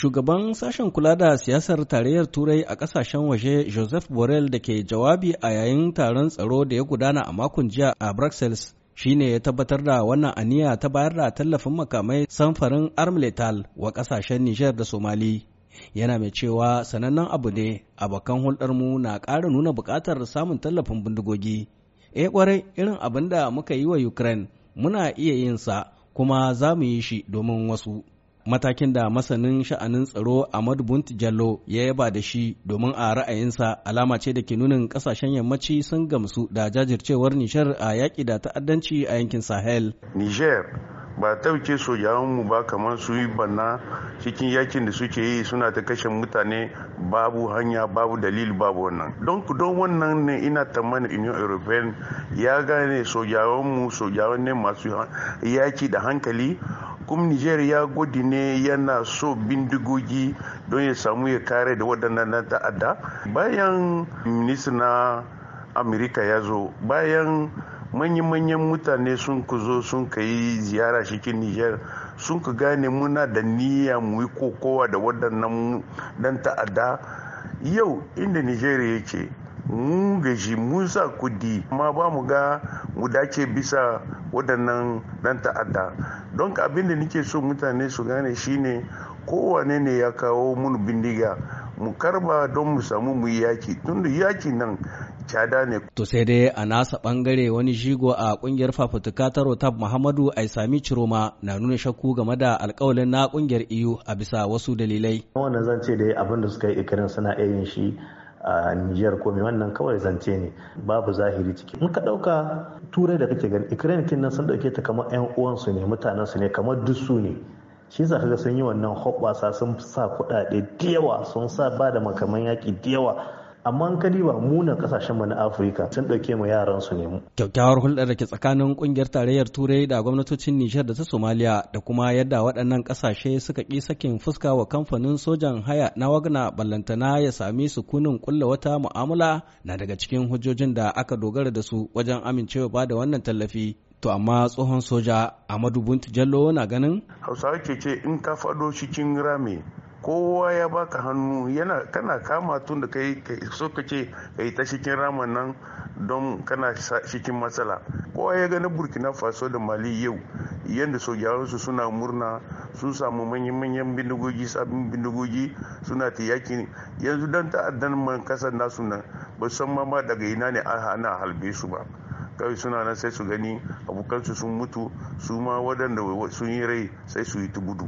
Shugaban sashen kula da siyasar tarayyar Turai a kasashen waje Joseph Borrell da ke jawabi a yayin taron tsaro da ya gudana a makon jiya a Brussels shine ya tabbatar da wannan aniya ta bayar da tallafin makamai samfarin armletal wa kasashen Nijar da Somali. Yana mai cewa sanannen abu ne abokan hulɗarmu na ƙara nuna buƙatar samun tallafin bindigogi. E eh kwarai irin abin da muka yi wa Ukraine muna iya yin sa kuma za mu yi shi domin wasu. matakin da masanin sha'anin tsaro Ahmad Bunt Jallo ya yaba da shi domin a ra'ayinsa alama ce da ke nunin kasashen yammaci sun gamsu da jajircewar nishar a yaƙi da ta'addanci a yankin Sahel. Niger ba tauke mu ba kamar su yi banna cikin yakin da suke yi suna ta kashe mutane babu hanya babu dalili babu wannan don don wannan ne ina tamani union european ya gane mu sojawan ne masu yaki da hankali kuma niger ya gudi ne yana so bindigogi don ya samu ya kare da waɗannan ta'adda bayan minista na amerika ya zo bayan manyan-manyan mutane sun ku zo sun ka yi ziyara cikin nijar sun ka gane muna da niyya mu yi kokowa da waɗannan dan ta'adda yau inda nijar yake mun gaji mun sa kudi amma ba mu ga mu dace bisa waɗannan dan ta'adda don ka abin da nake so mutane su gane shine kowane ne ya kawo mun bindiga mu karba don mu samu mu yi yaki da yaki nan cada ne. To sai dai a nasa bangare wani shigo a kungiyar fafutuka ta Rotab Muhammadu Aisami Ciroma na nuna shakku game da alkawalin na kungiyar EU a bisa wasu dalilai. Wannan zan ce dai abin da suka yi ikirin suna iya yin shi a Nijar ko mai wannan kawai zance ne babu zahiri ciki. In ka ɗauka turai da kake gani ikirin kin nan sun ɗauke ta kamar 'yan uwansu ne mutanensu ne kamar dusu ne. shi za ga sun yi wannan hoɓɓasa sun sa kuɗaɗe da yawa sun sa ba da makaman yaƙi da yawa amma in ka diba munan kasashen mu na Afirka sun dauke mu yaran su ne mu kyakkyawar hulɗar da ke tsakanin kungiyar tarayyar Turai da gwamnatocin Nijar da ta somaliya da kuma yadda waɗannan kasashe suka ki sakin fuska wa kamfanin sojan haya na Wagner ballantana ya sami su kunun kulla wata mu'amala na daga cikin hujjojin da aka dogara da su wajen amincewa ba da wannan tallafi to amma tsohon soja Amadu Buntu Jallo na ganin Hausawa ke ce in ka fado cikin rami kowa ya baka hannu yana kana kama tun da kai so ka yi ta cikin raman nan don kana cikin matsala kowa ya gani burkina faso da mali yau yadda sojawansu suna murna sun samu manyan-manyan bindigogi sabbin bindigogi suna ta yaki yanzu don ta'addan man kasar nasu nan ba san ma daga ina ne a hana halbe su ba kawai suna nan sai su gani abokansu sun mutu su ma waɗanda sun yi rai sai su yi ta gudu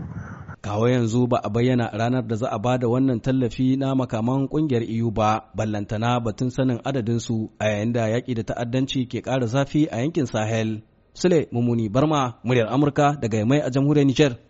kawo yanzu ba a bayyana ranar da za a bada wannan tallafi na makaman kungiyar iyu e ba ballantana batun sanin adadin su a yayin da yaƙi da ta'addanci ke ƙara zafi a yankin Sahel. Sule Mumuni Barma, muryar Amurka daga Yamai a jamhuriyar Nijar.